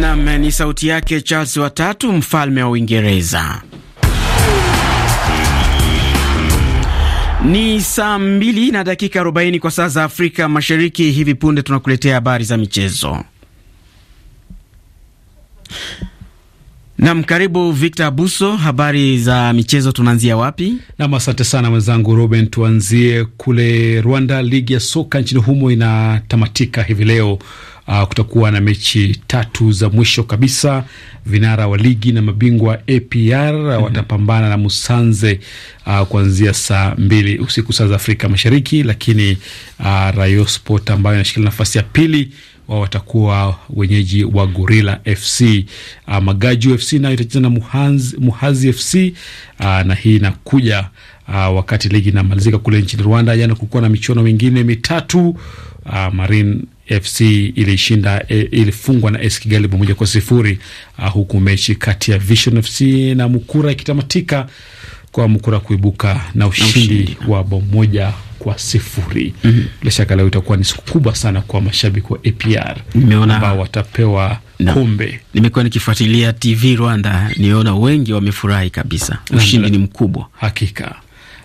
Nam ni sauti yake Charles watatu mfalme wa Uingereza. Ni saa mbili na dakika arobaini kwa saa za Afrika Mashariki. Hivi punde tunakuletea habari za michezo. Nam, karibu Victor Abuso. Habari za michezo tunaanzia wapi? Nam, asante sana mwenzangu Ruben. Tuanzie kule Rwanda. Ligi ya soka nchini humo inatamatika hivi leo Uh, kutakuwa na mechi tatu za mwisho kabisa. Vinara wa ligi na mabingwa APR ah, mm -hmm. watapambana na Musanze uh, kuanzia saa mbili usiku saa za Afrika Mashariki, lakini uh, Rayo Sport ambayo inashikilia nafasi ya pili wao watakuwa wenyeji wa Gorilla FC. Uh, Magaju FC nayo itacheza na Muhazi, Muhazi FC uh, na hii inakuja uh, wakati ligi inamalizika kule nchini Rwanda. Jana kulikuwa na michuano mingine mitatu uh, Marine FC ilishinda e, ilifungwa na AS Kigali bao moja kwa sifuri uh, huku mechi kati ya Vision FC na Mukura ikitamatika kwa Mukura kuibuka na ushindi wa bao moja kwa sifuri. Mhm. Bila mm -hmm. shaka leo itakuwa ni siku kubwa sana kwa mashabiki wa APR nimeona ambao watapewa no. kombe. Nimekuwa nikifuatilia TV Rwanda, niona wengi wamefurahi kabisa, ushindi ni mkubwa hakika.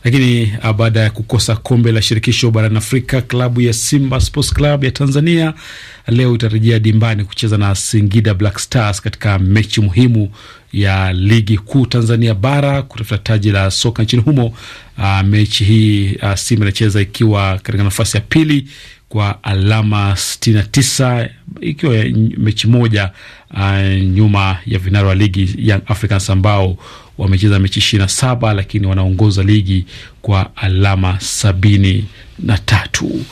Lakini uh, baada ya kukosa kombe la shirikisho barani Afrika, klabu ya Simba Sports Club ya Tanzania leo itarejea dimbani kucheza na Singida Black Stars katika mechi muhimu ya ligi kuu Tanzania bara kutafuta taji la soka nchini humo. Uh, mechi hii uh, Simba inacheza ikiwa katika nafasi ya pili kwa alama 69 ikiwa mechi moja uh, nyuma ya vinara wa ligi Young Africans ambao wamecheza mechi ishirini na saba lakini wanaongoza ligi kwa alama sabini na tatu.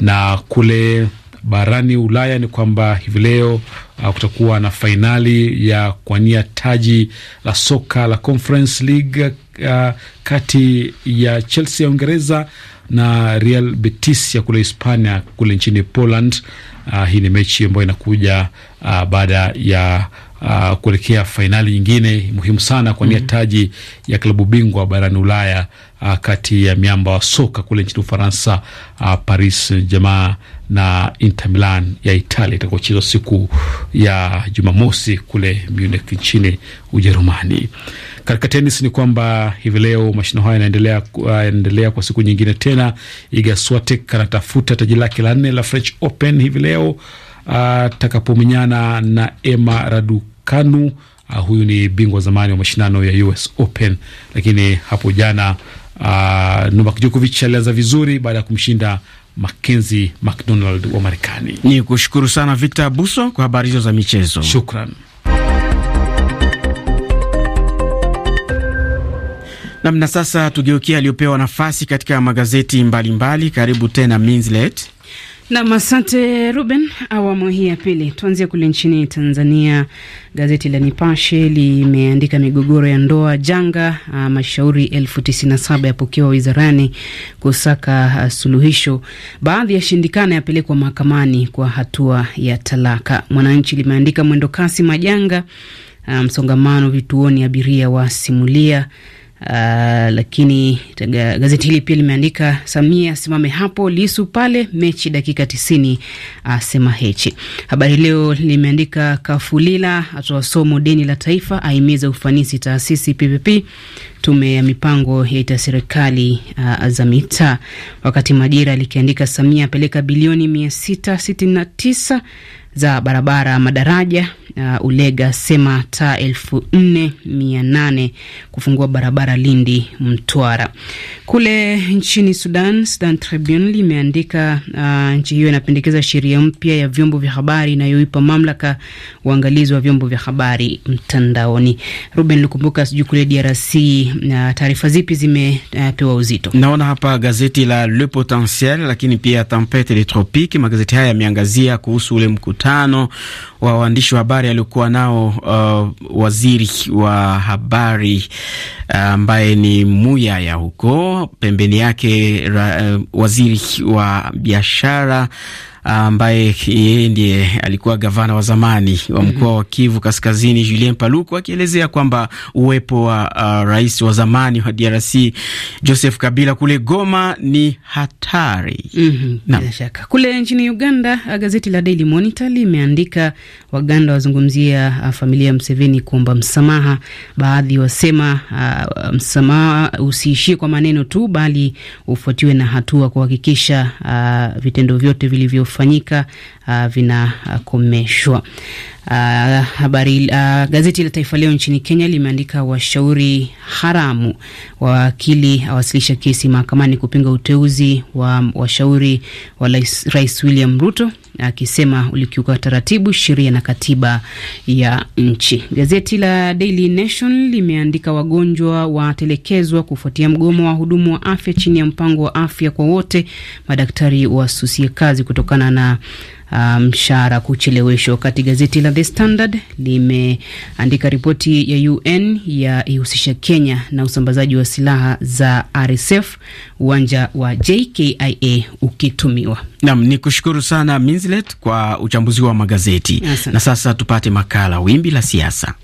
Na kule barani Ulaya ni kwamba hivi leo uh, kutakuwa na fainali ya kuania taji la soka la Conference League uh, kati ya Chelsea ya Uingereza na Real Betis ya kule Hispania, kule nchini Poland. Uh, hii ni mechi ambayo inakuja uh, baada ya uh, kuelekea fainali nyingine muhimu sana kwa nia mm -hmm. taji ya klabu bingwa barani Ulaya uh, kati ya miamba wa soka kule nchini Ufaransa uh, Paris Jamaa na Inter Milan ya Italia itakaochezwa siku ya Jumamosi kule Munich nchini Ujerumani. Katika tenis ni kwamba hivi leo mashindano hayo yanaendelea yanaendelea kwa siku nyingine tena. Iga Swiatek anatafuta taji lake la nne la French Open hivi leo atakapomenyana uh, na Emma Radu Kanu. Uh, huyu ni bingwa zamani wa mashindano ya US Open, lakini hapo jana uh, Novak Djokovic alianza vizuri baada ya kumshinda Mackenzie McDonald wa Marekani. Ni kushukuru sana Victor Abuso kwa habari hizo za michezo, shukran. Namna sasa tugeukia aliyopewa nafasi katika magazeti mbalimbali mbali. Karibu tena Minslet. Nam, asante Ruben. Awamu hii ya pili tuanzie kule nchini Tanzania. Gazeti la Nipashe limeandika migogoro ya ndoa janga, ah, mashauri elfu tisini na saba yapokewa wizarani kusaka ah, suluhisho, baadhi ya shindikana yapelekwa mahakamani kwa hatua ya talaka. Mwananchi limeandika mwendokasi majanga, ah, msongamano vituoni, abiria wasimulia Uh, lakini gazeti hili pia limeandika Samia asimame hapo, Lisu pale mechi dakika tisini asema hechi. Habari Leo limeandika Kafulila atoa somo deni la taifa, ahimiza ufanisi taasisi PPP tume ya mipango yaita serikali uh, za mitaa, wakati Majira likiandika Samia apeleka bilioni mia sita na tisa za barabara madaraja. Uh, Ulega sema taa elfu nne mia nane kufungua barabara Lindi Mtwara. Kule nchini Sudan, Sudan Tribune limeandika uh, nchi hiyo inapendekeza sheria mpya ya vyombo vya habari inayoipa mamlaka uangalizi wa vyombo vya habari mtandaoni. Ruben Lukumbuka, sijui kule DRC na taarifa zipi zimepewa uh, uzito? Naona hapa gazeti la Le Potentiel, lakini pia Tempete de Tropique. Magazeti haya yameangazia kuhusu ule mkutano wa waandishi wa habari aliokuwa nao uh, waziri wa habari uh, ambaye uh, ni Muyaya huko pembeni yake ra, uh, waziri wa biashara ambaye yeye ndiye alikuwa gavana wa zamani wa mhm. mkoa wa Kivu Kaskazini, Julien Paluku, akielezea kwamba uwepo wa uh, rais wa zamani wa DRC Joseph Kabila kule Goma ni hatari. Mm -hmm, bila shaka. Kule nchini Uganda, uh, gazeti la Daily Monitor limeandika Waganda wazungumzia uh, familia ya Mseveni kuomba msamaha. Baadhi wasema uh, msamaha usiishie kwa maneno tu, bali ufuatiwe na hatua kuhakikisha uh, vitendo vyote vilivyo kufanyika uh, vinakomeshwa. Uh, habari uh, gazeti la Taifa Leo nchini Kenya limeandika washauri haramu, wakili awasilisha kesi mahakamani kupinga uteuzi wa washauri wa Rais William Ruto akisema uh, ulikiuka taratibu, sheria na katiba ya nchi. Gazeti la Daily Nation limeandika wagonjwa watelekezwa kufuatia mgomo wa hudumu wa afya chini ya mpango wa afya kwa wote, madaktari wasusie kazi kutokana na Ah, mshahara um, kucheleweshwa. Wakati gazeti la The Standard limeandika ripoti ya UN ya ihusisha Kenya na usambazaji wa silaha za RSF, uwanja wa JKIA ukitumiwa. Nam ni kushukuru sana Minslet kwa uchambuzi wa magazeti. Asana. Na sasa tupate makala wimbi la siasa.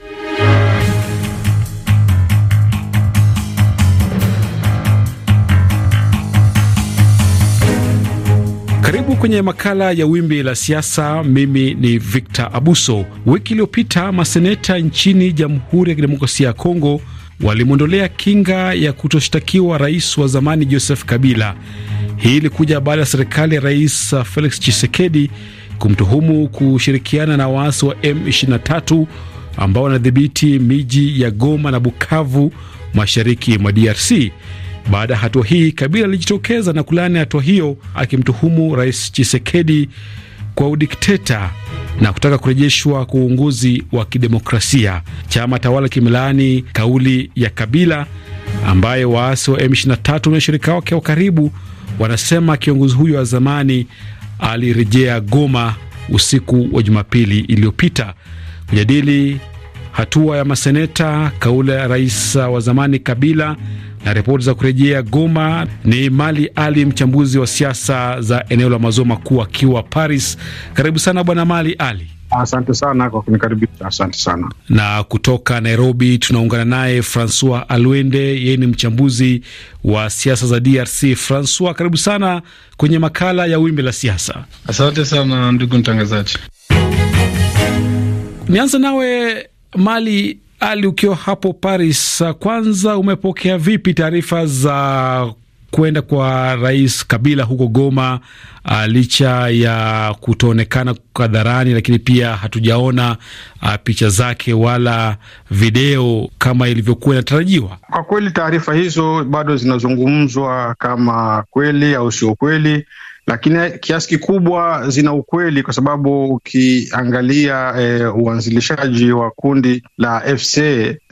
kwenye makala ya wimbi la siasa. Mimi ni Victor Abuso. Wiki iliyopita maseneta nchini Jamhuri ya Kidemokrasia ya Kongo walimwondolea kinga ya kutoshtakiwa rais wa zamani Joseph Kabila. Hii ilikuja baada ya serikali ya Rais Felix Tshisekedi kumtuhumu kushirikiana na waasi wa M23 ambao wanadhibiti miji ya Goma na Bukavu mashariki mwa DRC. Baada ya hatua hii, Kabila alijitokeza na kulaani hatua hiyo, akimtuhumu Rais Chisekedi kwa udikteta na kutaka kurejeshwa kwa uongozi wa kidemokrasia. Chama tawala kimelaani kauli ya Kabila, ambaye waasi wa M23 na washirika wake wa karibu wanasema kiongozi huyo wa zamani alirejea Goma usiku wa Jumapili iliyopita kujadili hatua ya maseneta, kauli ya rais wa zamani Kabila na ripoti za kurejea Goma ni Mali Ali, mchambuzi wa siasa za eneo la maziwa makuu akiwa Paris. Karibu sana bwana Mali Ali. Asante sana kwa kunikaribisha. Asante sana. Na kutoka Nairobi tunaungana naye Francois Alwende, yeye ni mchambuzi wa siasa za DRC. Francois, karibu sana kwenye makala ya wimbi la siasa. Asante sana ndugu mtangazaji. Nianze nawe Mali ali, ukiwa hapo Paris, kwanza umepokea vipi taarifa za kwenda kwa Rais Kabila huko Goma? Uh, licha ya kutoonekana hadharani, lakini pia hatujaona uh, picha zake wala video kama ilivyokuwa inatarajiwa. Kwa kweli taarifa hizo bado zinazungumzwa kama kweli au sio kweli lakini kiasi kikubwa zina ukweli kwa sababu ukiangalia e, uanzilishaji wa kundi la fc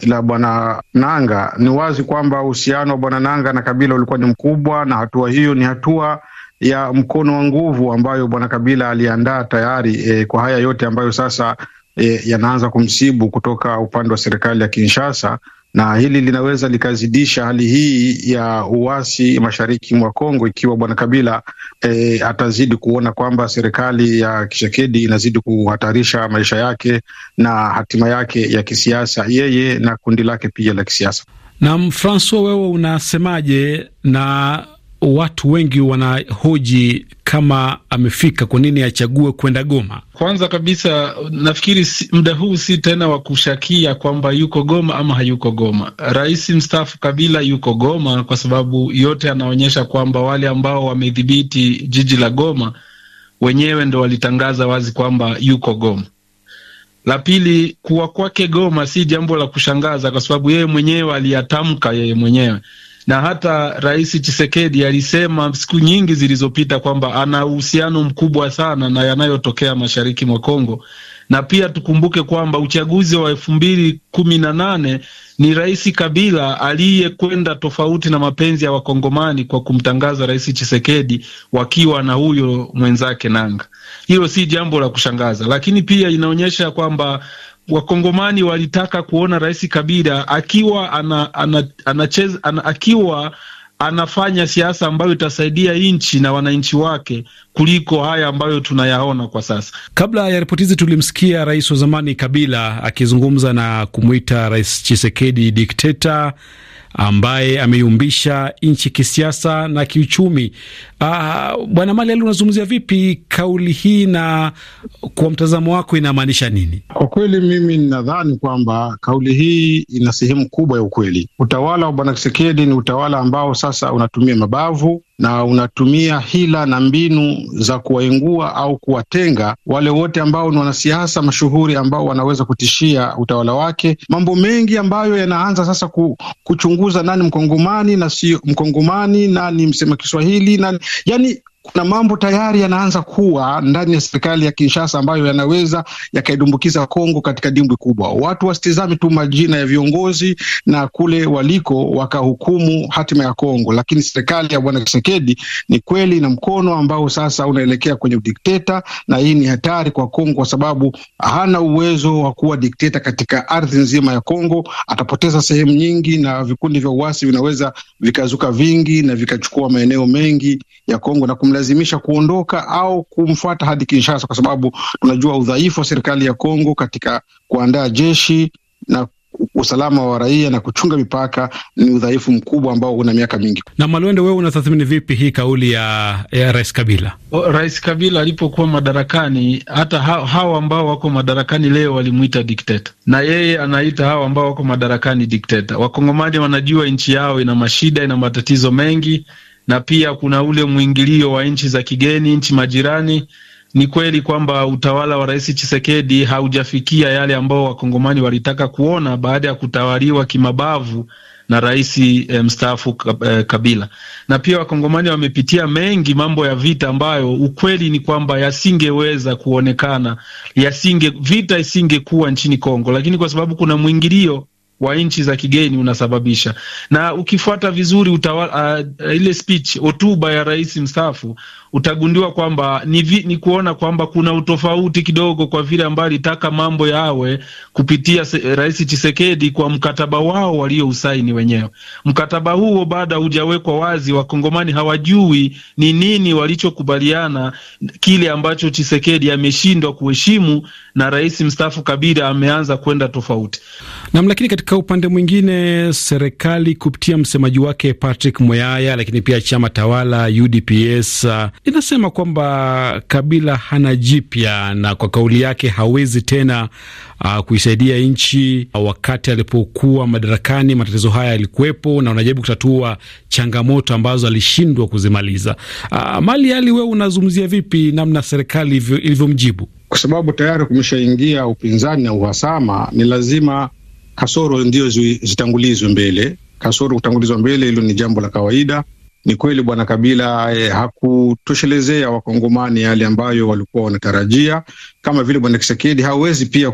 la bwana Nanga, ni wazi kwamba uhusiano wa bwana Nanga na Kabila ulikuwa ni mkubwa, na hatua hiyo ni hatua ya mkono wa nguvu ambayo bwana Kabila aliandaa tayari e, kwa haya yote ambayo sasa e, yanaanza kumsibu kutoka upande wa serikali ya Kinshasa na hili linaweza likazidisha hali hii ya uasi mashariki mwa Kongo ikiwa bwana Kabila e, atazidi kuona kwamba serikali ya Kishekedi inazidi kuhatarisha maisha yake na hatima yake ya kisiasa, yeye na kundi lake pia la kisiasa. Naam, Francois, wewe unasemaje na watu wengi wanahoji kama amefika, kwa nini achague kwenda Goma? Kwanza kabisa, nafikiri muda huu si tena wa kushakia kwamba yuko Goma ama hayuko Goma. Rais mstaafu Kabila yuko Goma kwa sababu yote anaonyesha kwamba wale ambao wamedhibiti jiji la Goma wenyewe ndo walitangaza wazi kwamba yuko Goma. La pili, kuwa kwake Goma si jambo la kushangaza kwa sababu yeye mwenyewe aliyatamka yeye mwenyewe na hata Rais chisekedi alisema siku nyingi zilizopita kwamba ana uhusiano mkubwa sana na yanayotokea mashariki mwa Kongo, na pia tukumbuke kwamba uchaguzi wa elfu mbili kumi na nane ni Rais Kabila aliyekwenda tofauti na mapenzi ya Wakongomani kwa kumtangaza Rais chisekedi wakiwa na huyo mwenzake Nanga. Hilo si jambo la kushangaza, lakini pia inaonyesha kwamba Wakongomani walitaka kuona Rais Kabila akiwa ana, ana, anacheza, ana, akiwa anafanya siasa ambayo itasaidia nchi na wananchi wake kuliko haya ambayo tunayaona kwa sasa. Kabla ya ripoti hizi, tulimsikia rais wa zamani Kabila akizungumza na kumwita Rais Chisekedi dikteta ambaye ameyumbisha nchi kisiasa na kiuchumi. Ah, Bwana Mali Ali, unazungumzia vipi kauli hii na kwa mtazamo wako inamaanisha nini? Kwa kweli mimi ninadhani kwamba kauli hii ina sehemu kubwa ya ukweli. Utawala wa Bwana Kisekedi ni utawala ambao sasa unatumia mabavu na unatumia hila na mbinu za kuwaingua au kuwatenga wale wote ambao ni wanasiasa mashuhuri ambao wanaweza kutishia utawala wake. Mambo mengi ambayo yanaanza sasa kuchunguza nani mkongomani na sio mkongomani, nani msema Kiswahili nani, yani kuna mambo tayari yanaanza kuwa ndani ya serikali ya Kinshasa ambayo yanaweza yakaidumbukiza Kongo katika dimbwi kubwa. Watu wasitizame tu majina ya viongozi na kule waliko wakahukumu hatima ya Kongo, lakini serikali ya Bwana Tshisekedi ni kweli na mkono ambao sasa unaelekea kwenye udikteta, na hii ni hatari kwa Kongo kwa sababu hana uwezo wa kuwa dikteta katika ardhi nzima ya Kongo. Atapoteza sehemu nyingi na vikundi vya uasi vinaweza vikazuka vingi na vikachukua maeneo mengi ya Kongo na kumle kumlazimisha kuondoka au kumfuata hadi Kinshasa, kwa sababu tunajua udhaifu wa serikali ya Kongo katika kuandaa jeshi na usalama wa raia na kuchunga mipaka ni udhaifu mkubwa ambao una miaka mingi. Na Malwende, wewe unatathmini vipi hii kauli ya, ya Rais Kabila? O, oh, Rais Kabila alipokuwa madarakani, hata hawa ambao wako madarakani leo walimwita dikteta, na yeye anaita hawa ambao wako madarakani dikteta. Wakongomani wanajua nchi yao ina mashida, ina matatizo mengi na pia kuna ule mwingilio wa nchi za kigeni, nchi majirani. Ni kweli kwamba utawala wa Rais chisekedi haujafikia yale ambao wakongomani walitaka kuona baada ya kutawaliwa kimabavu na rais e, mstaafu eh, Kabila. Na pia wakongomani wamepitia mengi, mambo ya vita ambayo ukweli ni kwamba yasingeweza kuonekana, yasinge vita isingekuwa nchini Kongo, lakini kwa sababu kuna mwingilio wa nchi za kigeni unasababisha. Na ukifuata vizuri utawala, uh, ile speech hotuba ya rais mstaafu utagundiwa kwamba ni, vi, ni kuona kwamba kuna utofauti kidogo kwa vile ambayo alitaka mambo yawe kupitia Rais Chisekedi kwa mkataba wao waliousaini wenyewe. Mkataba huo baada hujawekwa wazi, wakongomani hawajui ni nini walichokubaliana, kile ambacho Chisekedi ameshindwa kuheshimu na rais mstaafu Kabila ameanza kwenda tofauti nam. Lakini katika upande mwingine, serikali kupitia msemaji wake Patrick Moyaya, lakini pia chama tawala UDPS inasema kwamba Kabila hana jipya na kwa kauli yake hawezi tena uh, kuisaidia nchi. Wakati alipokuwa madarakani, matatizo haya yalikuwepo na wanajaribu kutatua changamoto ambazo alishindwa kuzimaliza. Uh, Mali Ali, wewe unazungumzia vipi namna serikali ilivyomjibu? Kwa sababu tayari kumeshaingia upinzani na uhasama, ni lazima kasoro ndio zitangulizwe mbele. Kasoro kutangulizwa mbele, hilo ni jambo la kawaida ni kweli bwana Kabila eh, hakutoshelezea wakongomani yale ambayo walikuwa wanatarajia, kama vile bwana Kisekedi hawezi pia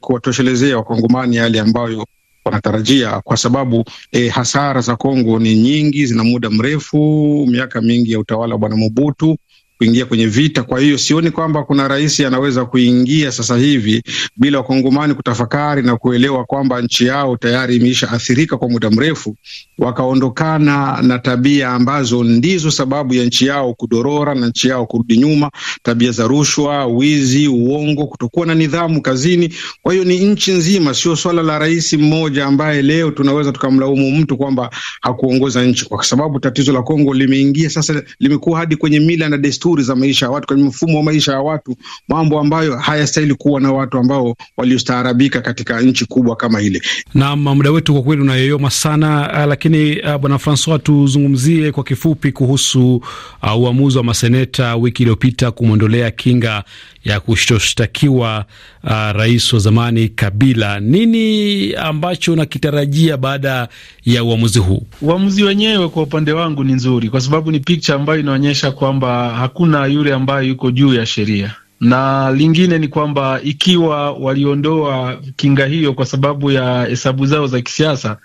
kuwatoshelezea wakongomani yale ambayo wanatarajia kwa sababu eh, hasara za Kongo ni nyingi, zina muda mrefu, miaka mingi ya utawala wa bwana Mobutu kuingia kwenye vita. Kwa hiyo sioni kwamba kuna rais anaweza kuingia sasa hivi bila wakongomani kutafakari na kuelewa kwamba nchi yao tayari imeisha athirika kwa muda mrefu, wakaondokana na tabia ambazo ndizo sababu ya nchi yao kudorora na nchi yao kurudi nyuma, tabia za rushwa, wizi, uongo, kutokuwa na nidhamu kazini. Kwa hiyo ni nchi nzima, sio swala la rais mmoja ambaye leo tunaweza tukamlaumu mtu kwamba hakuongoza nchi, kwa sababu tatizo la Kongo limeingia sasa, limekuwa hadi kwenye mila na desturi desturi za maisha ya watu, kwenye mfumo wa maisha ya watu, mambo ambayo hayastahili kuwa na watu ambao waliostaarabika katika nchi kubwa kama ile. Naam, muda wetu kwa kweli unayoyoma sana, ah, lakini uh, bwana Francois, tuzungumzie kwa kifupi kuhusu uh, uamuzi wa maseneta wiki iliyopita kumwondolea kinga ya kushtoshtakiwa uh, rais wa zamani Kabila. Nini ambacho unakitarajia baada ya uamuzi huu? Uamuzi wenyewe kwa upande wangu ni nzuri, kwa sababu ni picha ambayo inaonyesha kwamba hakuna yule ambaye yuko juu ya sheria na lingine ni kwamba ikiwa waliondoa kinga hiyo kwa sababu ya hesabu zao za kisiasa,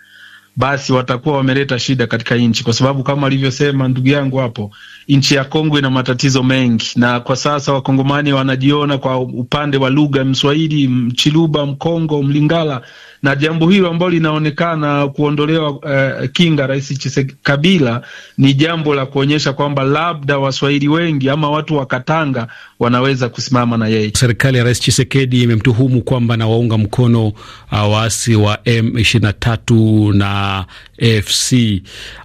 basi watakuwa wameleta shida katika nchi, kwa sababu kama alivyosema ndugu yangu hapo, nchi ya Kongo ina matatizo mengi, na kwa sasa wakongomani wanajiona kwa upande wa lugha, Mswahili, Mchiluba, Mkongo, Mlingala na jambo hilo ambalo linaonekana kuondolewa uh, kinga Rais Tshisekedi Kabila ni jambo la kuonyesha kwamba labda Waswahili wengi ama watu wa Katanga wanaweza kusimama na yeye. Serikali ya Rais Tshisekedi imemtuhumu kwamba nawaunga mkono uh, waasi wa M23 na fc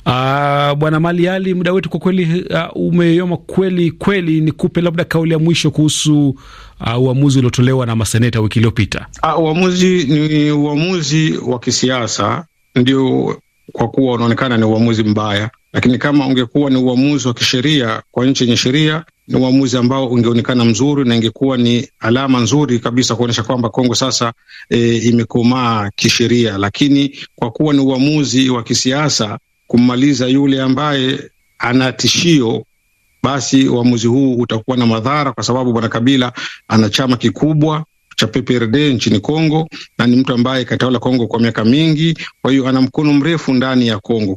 Uh, ah, Bwana Mali Ali, muda wetu kwa kweli uh, ah, umeyoma kweli kweli. Nikupe labda kauli ya mwisho kuhusu uh, uamuzi uliotolewa na maseneta wiki iliyopita? Uh, uamuzi ni uamuzi wa kisiasa ndio, kwa kuwa unaonekana ni uamuzi mbaya, lakini kama ungekuwa ni uamuzi wa kisheria kwa nchi yenye sheria ni uamuzi ambao ungeonekana mzuri na ingekuwa ni alama nzuri kabisa kuonyesha kwamba Kongo sasa e, imekomaa kisheria, lakini kwa kuwa ni uamuzi wa kisiasa kummaliza yule ambaye ana tishio basi uamuzi huu utakuwa na madhara, kwa sababu bwana Kabila ana chama kikubwa cha PPRD nchini Kongo na ni mtu ambaye katawala Kongo kwa miaka mingi, kwa hiyo ana mkono mrefu ndani ya Kongo.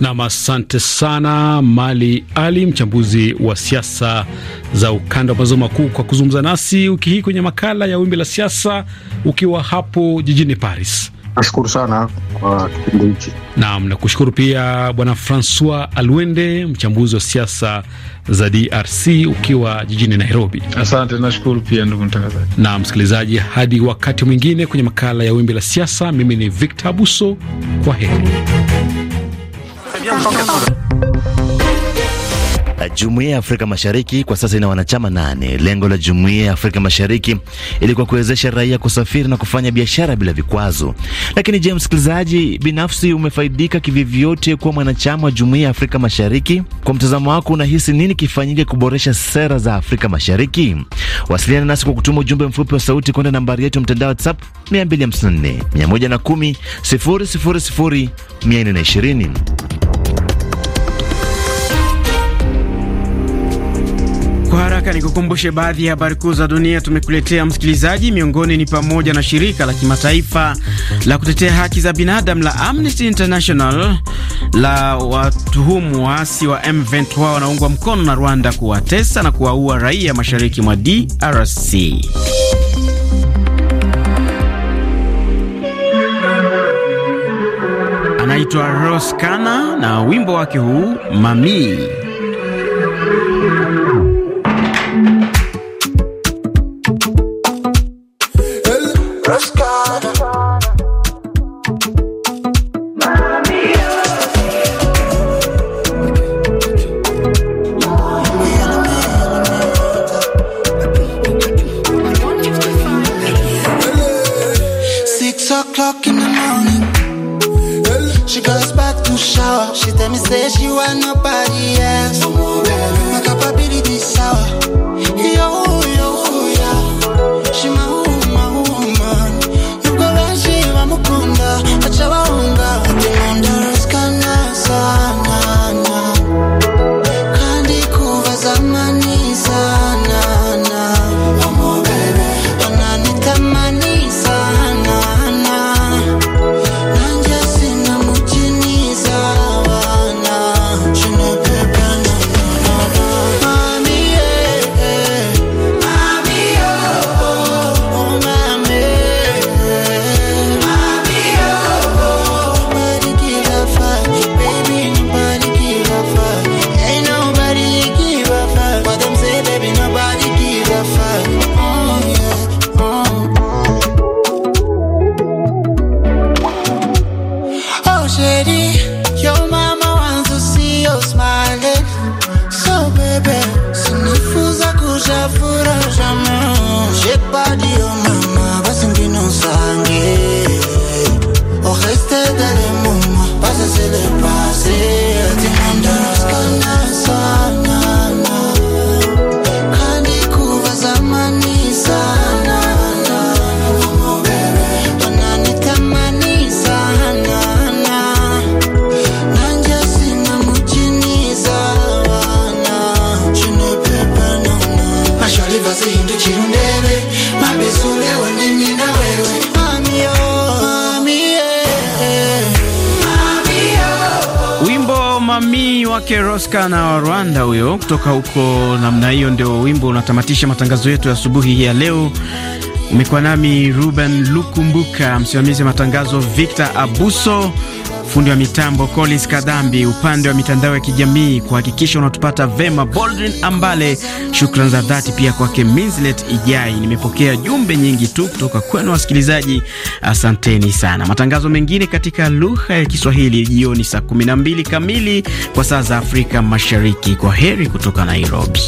Nam, asante sana Mali Ali, mchambuzi wa siasa za ukanda wa maziwa makuu, kwa kuzungumza nasi wiki hii kwenye makala ya Wimbi la Siasa, ukiwa hapo jijini Paris. Nashukuru sana kwa kipindi hichi. Naam, nakushukuru pia Bwana Francois Alwende, mchambuzi wa siasa za DRC ukiwa jijini Nairobi. Asante, nashukuru pia ndugu mtangazaji. Na msikilizaji, hadi wakati mwingine kwenye makala ya Wimbi la Siasa. Mimi ni Victor Abuso, kwa heri. Eh, Jumuiya ya Afrika Mashariki kwa sasa ina wanachama nane. Lengo la Jumuiya ya Afrika Mashariki ilikuwa kuwezesha raia kusafiri na kufanya biashara bila vikwazo. Lakini je, msikilizaji binafsi umefaidika kivivyote kuwa mwanachama wa Jumuiya ya Afrika Mashariki? Kwa mtazamo wako, unahisi nini kifanyike kuboresha sera za Afrika Mashariki? Wasiliana nasi kwa kutuma ujumbe mfupi wa sauti kwenda nambari yetu mtandao WhatsApp 254 110 000 420. Kwa haraka ni kukumbushe baadhi ya habari kuu za dunia tumekuletea msikilizaji. Miongoni ni pamoja na shirika la kimataifa la kutetea haki za binadamu la Amnesty International la watuhumu waasi wa M23 wanaungwa mkono na Rwanda kuwatesa na kuwaua raia mashariki mwa DRC. Anaitwa kana na wimbo wake huu Mamii. o'clock in the morning. She goes back to shower. She tell me say she want nobody else. My capabilities sour. Mwami wake Roska na Rwanda huyo kutoka huko namna hiyo. Ndio wimbo unatamatisha matangazo yetu ya asubuhi ya leo. Umekuwa nami Ruben Lukumbuka, msimamizi wa matangazo Victor Abuso fundi wa mitambo Collins Kadhambi, upande wa mitandao ya kijamii kuhakikisha unatupata vema, Boldrin Ambale, shukran za dhati pia kwake Minslet Ijai. Nimepokea jumbe nyingi tu kutoka kwenu wasikilizaji, asanteni sana. Matangazo mengine katika lugha ya Kiswahili jioni saa 12 kamili kwa saa za Afrika Mashariki. Kwa heri kutoka Nairobi.